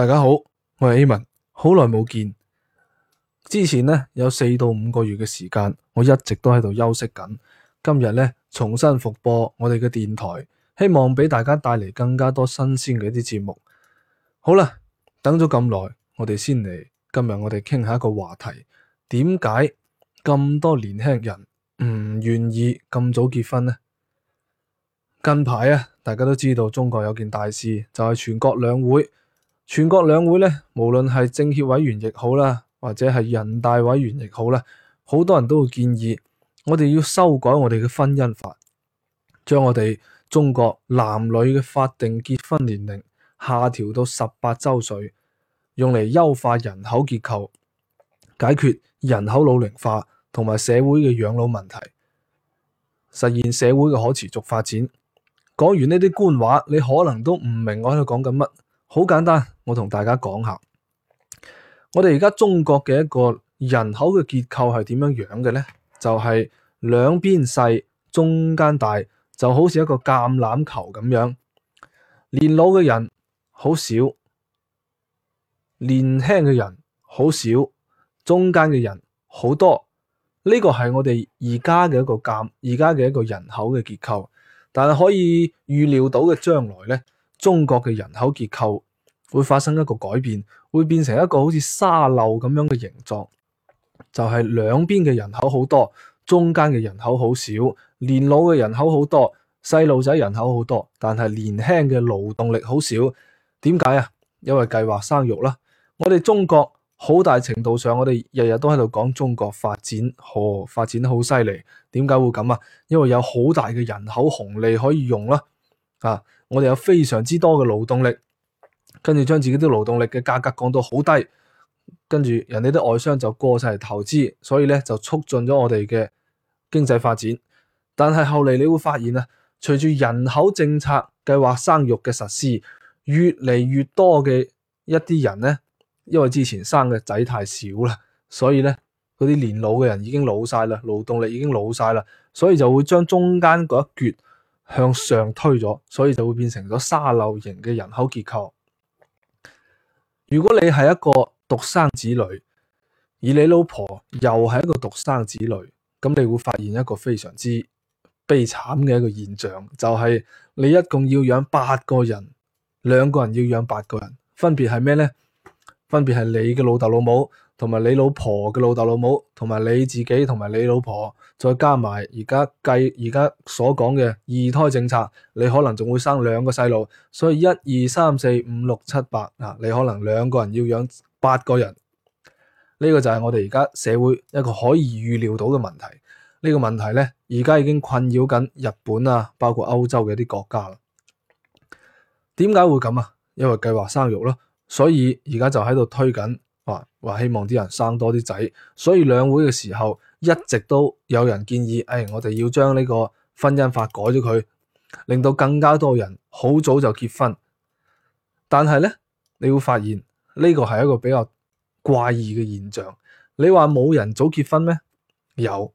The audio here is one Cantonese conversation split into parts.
大家好，我係 Amin，好耐冇見。之前呢有四到五個月嘅時間，我一直都喺度休息緊。今日呢，重新複播我哋嘅電台，希望俾大家帶嚟更加多新鮮嘅一啲節目。好啦，等咗咁耐，我哋先嚟今日我哋傾下一個話題：點解咁多年輕人唔願意咁早結婚呢？近排啊，大家都知道中國有件大事，就係全國兩會。全國兩會呢，無論係政協委員亦好啦，或者係人大委員亦好啦，好多人都會建議我哋要修改我哋嘅婚姻法，將我哋中國男女嘅法定結婚年齡下調到十八周歲，用嚟優化人口結構，解決人口老齡化同埋社會嘅養老問題，實現社會嘅可持續發展。講完呢啲官話，你可能都唔明我喺度講緊乜。好簡單，我同大家講下，我哋而家中國嘅一個人口嘅結構係點樣樣嘅呢？就係、是、兩邊細，中間大，就好似一個橄欖球咁樣。年老嘅人好少，年輕嘅人好少，中間嘅人好多。呢、這個係我哋而家嘅一個橄，而家嘅一個人口嘅結構。但係可以預料到嘅將來呢。中國嘅人口結構會發生一個改變，會變成一個好似沙漏咁樣嘅形狀，就係兩邊嘅人口好多，中間嘅人口好少，年老嘅人口好多，細路仔人口好多，但係年輕嘅勞動力好少。點解啊？因為計劃生育啦。我哋中國好大程度上，我哋日日都喺度講中國發展好、哦，發展得好犀利。點解會咁啊？因為有好大嘅人口紅利可以用啦。啊！我哋有非常之多嘅勞動力，跟住將自己啲勞動力嘅價格降到好低，跟住人哋啲外商就過晒嚟投資，所以咧就促進咗我哋嘅經濟發展。但係後嚟你會發現啊，隨住人口政策計劃生育嘅實施，越嚟越多嘅一啲人咧，因為之前生嘅仔太少啦，所以咧嗰啲年老嘅人已經老晒啦，勞動力已經老晒啦，所以就會將中間嗰一橛。向上推咗，所以就會變成咗沙漏型嘅人口結構。如果你係一個獨生子女，而你老婆又係一個獨生子女，咁你會發現一個非常之悲慘嘅一個現象，就係你一共要養八個人，兩個人要養八個人，分別係咩呢？分別係你嘅老豆老母，同埋你老婆嘅老豆老母，同埋你自己，同埋你老婆，再加埋而家計而家所講嘅二胎政策，你可能仲會生兩個細路，所以一二三四五六七八嗱，你可能兩個人要養八個人，呢個就係我哋而家社會一個可以預料到嘅問題。呢個問題咧，而家已經困擾緊日本啊，包括歐洲嘅一啲國家啦。點解會咁啊？因為計劃生育咯，所以而家就喺度推緊。話希望啲人生多啲仔，所以兩會嘅時候，一直都有人建議，誒、哎，我哋要將呢個婚姻法改咗佢，令到更加多人好早就結婚。但係呢，你會發現呢、這個係一個比較怪異嘅現象。你話冇人早結婚咩？有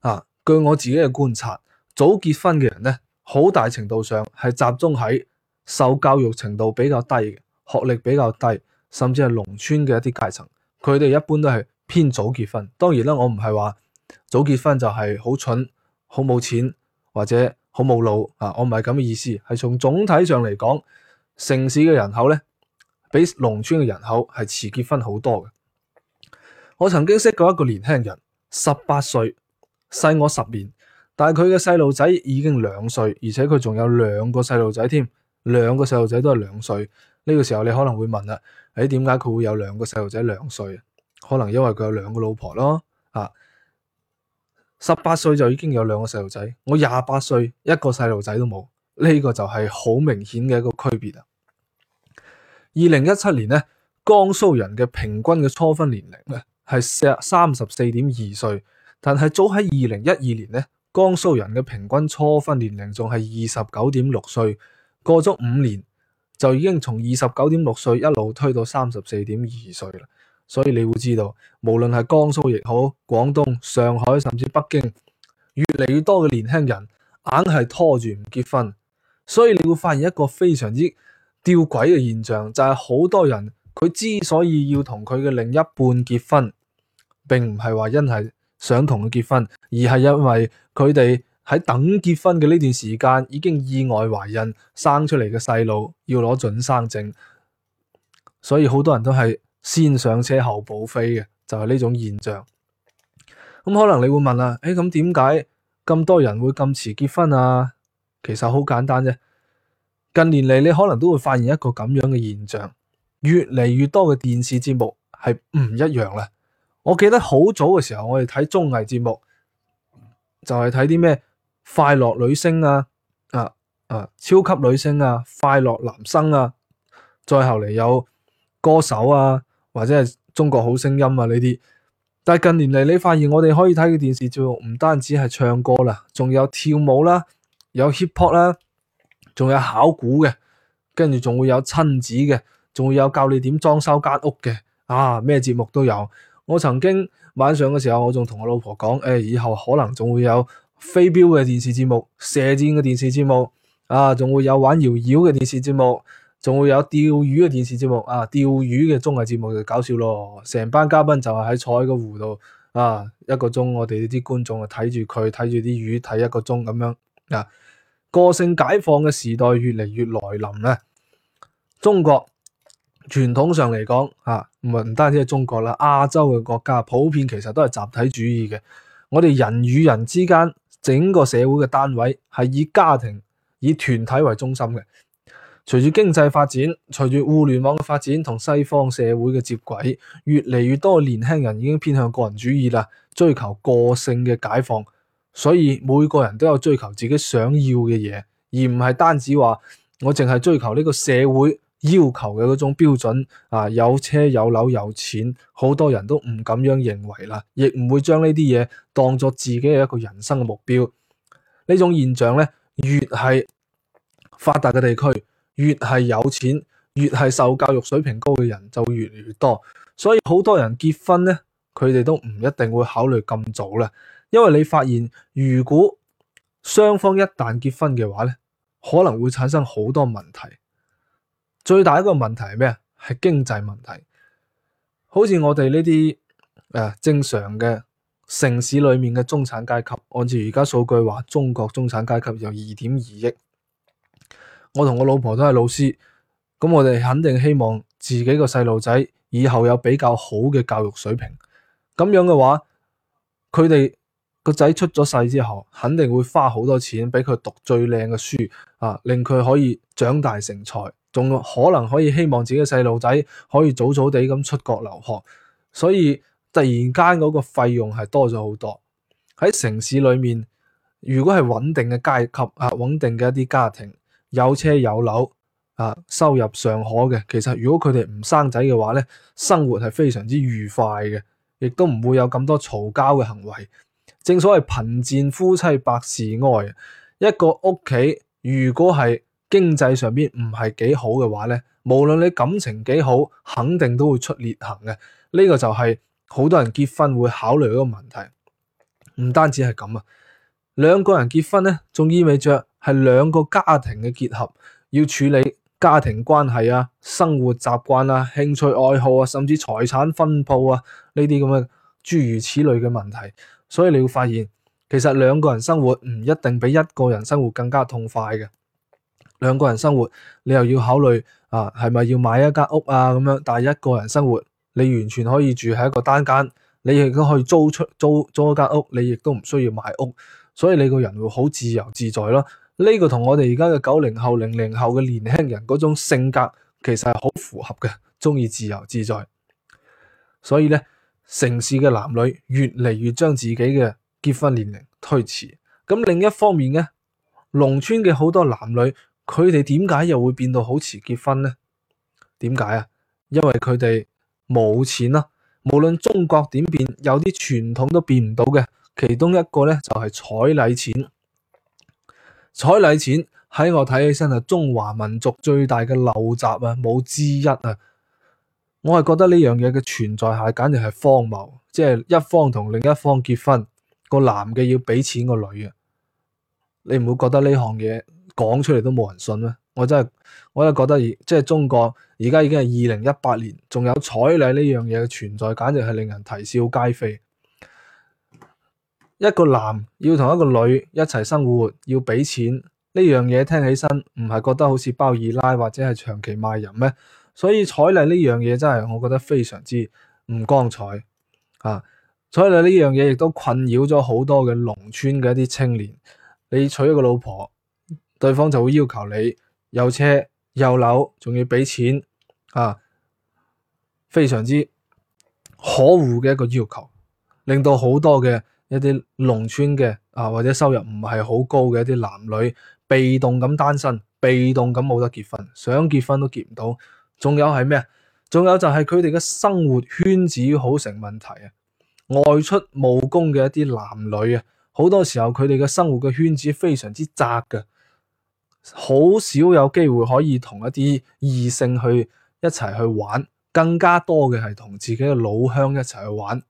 啊，據我自己嘅觀察，早結婚嘅人呢，好大程度上係集中喺受教育程度比較低，學歷比較低。甚至係農村嘅一啲階層，佢哋一般都係偏早結婚。當然啦，我唔係話早結婚就係好蠢、好冇錢或者好冇腦啊！我唔係咁嘅意思，係從總體上嚟講，城市嘅人口呢，比農村嘅人口係遲結婚好多嘅。我曾經識過一個年輕人，十八歲，細我十年，但係佢嘅細路仔已經兩歲，而且佢仲有兩個細路仔添，兩個細路仔都係兩歲。呢個時候你可能會問啦，誒，點解佢會有兩個細路仔兩歲？可能因為佢有兩個老婆咯，啊，十八歲就已經有兩個細路仔，我廿八歲一個細路仔都冇，呢個就係好明顯嘅一個區別啦。二零一七年呢，江蘇人嘅平均嘅初婚年齡呢係三十四點二歲，但係早喺二零一二年呢，江蘇人嘅平均初婚年齡仲係二十九點六歲，過咗五年，就已經從二十九點六歲一路推到三十四點二歲啦，所以你會知道，無論係江蘇亦好，廣東、上海甚至北京，越嚟越多嘅年輕人硬係拖住唔結婚，所以你會發現一個非常之吊詭嘅現象，就係好多人佢之所以要同佢嘅另一半結婚，並唔係話因係想同佢結婚，而係因為佢哋。喺等結婚嘅呢段時間，已經意外懷孕生出嚟嘅細路要攞准生證，所以好多人都係先上車後補飛嘅，就係、是、呢種現象。咁、嗯、可能你會問啦，誒、哎，咁點解咁多人會咁遲結婚啊？其實好簡單啫。近年嚟，你可能都會發現一個咁樣嘅現象，越嚟越多嘅電視節目係唔一樣啦。我記得好早嘅時候，我哋睇綜藝節目就係睇啲咩？快樂女聲啊，啊啊超級女聲啊，快樂男生啊，再後嚟有歌手啊，或者係中國好聲音啊呢啲。但係近年嚟，你發現我哋可以睇嘅電視節目唔單止係唱歌啦，仲有跳舞啦，有 hip hop 啦，仲有考古嘅，跟住仲會有親子嘅，仲會有教你點裝修間屋嘅，啊咩節目都有。我曾經晚上嘅時候，我仲同我老婆講，誒、哎、以後可能仲會有。飛鏢嘅電視節目、射箭嘅電視節目啊，仲會有玩搖搖嘅電視節目，仲會有釣魚嘅電視節目啊。釣魚嘅綜藝節目就搞笑咯，成班嘉賓就係喺坐喺個湖度啊，一個鐘我哋啲觀眾就睇住佢睇住啲魚睇一個鐘咁樣啊。個性解放嘅時代越嚟越來臨咧，中國傳統上嚟講吓，唔、係、唔單止係中國啦，亞洲嘅國家普遍其實都係集體主義嘅，我哋人與人之間。整個社會嘅單位係以家庭、以團體為中心嘅。隨住經濟發展，隨着互聯網嘅發展同西方社會嘅接軌，越嚟越多年輕人已經偏向個人主義啦，追求個性嘅解放。所以每個人都有追求自己想要嘅嘢，而唔係單止話我淨係追求呢個社會。要求嘅嗰種標準啊，有車有樓有錢，好多人都唔咁樣認為啦，亦唔會將呢啲嘢當作自己嘅一個人生嘅目標。呢種現象呢，越係發達嘅地區，越係有錢，越係受教育水平高嘅人就越嚟越多。所以好多人結婚呢，佢哋都唔一定會考慮咁早啦。因為你發現，如果雙方一旦結婚嘅話呢，可能會產生好多問題。最大一個問題係咩啊？係經濟問題。好似我哋呢啲誒正常嘅城市裏面嘅中產階級，按照而家數據話，中國中產階級有二點二億。我同我老婆都係老師，咁我哋肯定希望自己個細路仔以後有比較好嘅教育水平。咁樣嘅話，佢哋個仔出咗世之後，肯定會花好多錢俾佢讀最靚嘅書啊，令佢可以長大成才。仲可能可以希望自己嘅細路仔可以早早地咁出國留學，所以突然間嗰個費用係多咗好多。喺城市裏面，如果係穩定嘅階級啊，穩定嘅一啲家庭有車有樓啊，收入尚可嘅，其實如果佢哋唔生仔嘅話咧，生活係非常之愉快嘅，亦都唔會有咁多嘈交嘅行為。正所謂貧賤夫妻百事哀，一個屋企如果係經濟上面唔係幾好嘅話呢，無論你感情幾好，肯定都會出裂痕嘅。呢個就係好多人結婚會考慮嘅一個問題。唔單止係咁啊，兩個人結婚呢，仲意味着係兩個家庭嘅結合，要處理家庭關係啊、生活習慣啊、興趣愛好啊，甚至財產分佈啊呢啲咁嘅諸如此類嘅問題。所以你會發現，其實兩個人生活唔一定比一個人生活更加痛快嘅。兩個人生活，你又要考慮啊，係咪要買一間屋啊咁樣？但係一個人生活，你完全可以住喺一個單間，你亦都可以租出租租一間屋，你亦都唔需要買屋，所以你個人會好自由自在咯。呢個同我哋而家嘅九零後、零零後嘅年輕人嗰種性格，其實係好符合嘅，中意自由自在。所以呢，城市嘅男女越嚟越將自己嘅結婚年齡推遲。咁另一方面呢，農村嘅好多男女。佢哋點解又會變到好遲結婚呢？點解啊？因為佢哋冇錢啦、啊。無論中國點變，有啲傳統都變唔到嘅。其中一個呢，就係、是、彩禮錢。彩禮錢喺我睇起身係中華民族最大嘅陋習啊，冇之一啊。我係覺得呢樣嘢嘅存在係簡直係荒謬，即、就、係、是、一方同另一方結婚，個男嘅要俾錢個女啊。你唔會覺得呢行嘢？講出嚟都冇人信咩？我真係，我都覺得，即係中國而家已經係二零一八年，仲有彩禮呢樣嘢嘅存在，簡直係令人啼笑皆非。一個男要同一個女一齊生活，要俾錢呢樣嘢，聽起身唔係覺得好似包二奶或者係長期賣人咩？所以彩禮呢樣嘢真係，我覺得非常之唔光彩啊！彩禮呢樣嘢亦都困擾咗好多嘅農村嘅一啲青年。你娶一個老婆，對方就會要求你有車有樓，仲要畀錢，啊，非常之可惡嘅一個要求，令到好多嘅一啲農村嘅啊或者收入唔係好高嘅一啲男女，被動咁單身，被動咁冇得結婚，想結婚都結唔到。仲有係咩？仲有就係佢哋嘅生活圈子好成問題啊！外出務工嘅一啲男女啊，好多時候佢哋嘅生活嘅圈子非常之窄嘅。好少有機會可以同一啲異性去一齊去玩，更加多嘅係同自己嘅老鄉一齊去玩。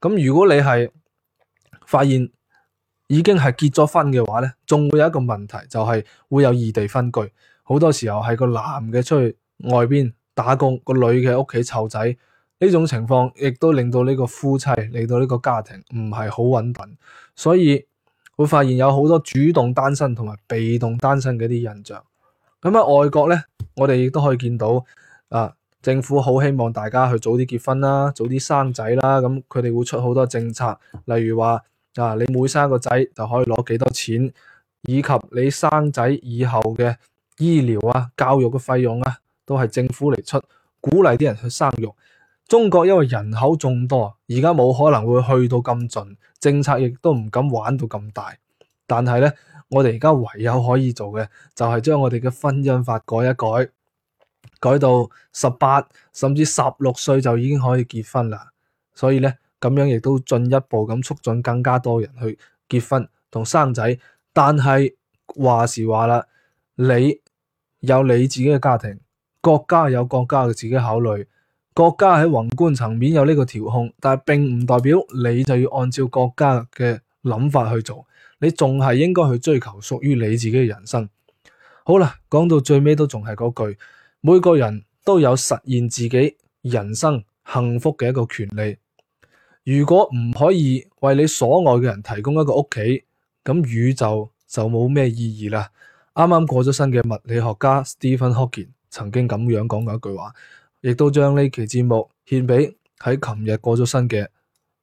咁如果你係發現已經係結咗婚嘅話呢，仲會有一個問題，就係、是、會有異地分居。好多時候係個男嘅出去外邊打工，個女嘅屋企湊仔呢種情況，亦都令到呢個夫妻，令到呢個家庭唔係好穩定，所以。會發現有好多主動單身同埋被動單身嘅啲印象，咁喺外國呢，我哋亦都可以見到啊，政府好希望大家去早啲結婚啦，早啲生仔啦，咁佢哋會出好多政策，例如話啊，你每生一個仔就可以攞幾多錢，以及你生仔以後嘅醫療啊、教育嘅費用啊，都係政府嚟出，鼓勵啲人去生育。中國因為人口眾多，而家冇可能會去到咁盡，政策亦都唔敢玩到咁大。但係呢，我哋而家唯有可以做嘅，就係將我哋嘅婚姻法改一改，改到十八甚至十六歲就已經可以結婚啦。所以呢，咁樣亦都進一步咁促進更加多人去結婚同生仔。但係話是話啦，你有你自己嘅家庭，國家有國家嘅自己考慮。國家喺宏觀層面有呢個調控，但係並唔代表你就要按照國家嘅諗法去做，你仲係應該去追求屬於你自己嘅人生。好啦，講到最尾都仲係嗰句，每個人都有實現自己人生幸福嘅一個權利。如果唔可以為你所愛嘅人提供一個屋企，咁宇宙就冇咩意義啦。啱啱過咗身嘅物理學家 Stephen Hawking 曾經咁樣講過一句話。亦都將呢期節目獻俾喺琴日過咗身嘅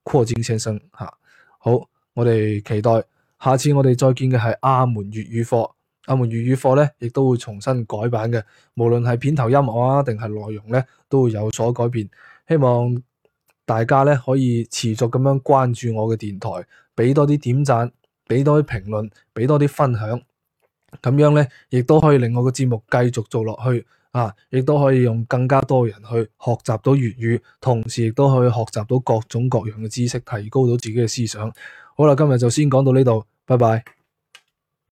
擴展先生嚇、啊。好，我哋期待下次我哋再見嘅係亞門粵語課。亞門粵語課咧，亦都會重新改版嘅，無論係片頭音樂啊，定係內容咧，都會有所改變。希望大家咧可以持續咁樣關注我嘅電台，俾多啲點讚，俾多啲評論，俾多啲分享，咁樣咧亦都可以令我嘅節目繼續做落去。啊！亦都可以用更加多人去學習到粵語，同時亦都可以學習到各種各樣嘅知識，提高到自己嘅思想。好啦，今日就先講到呢度，拜拜。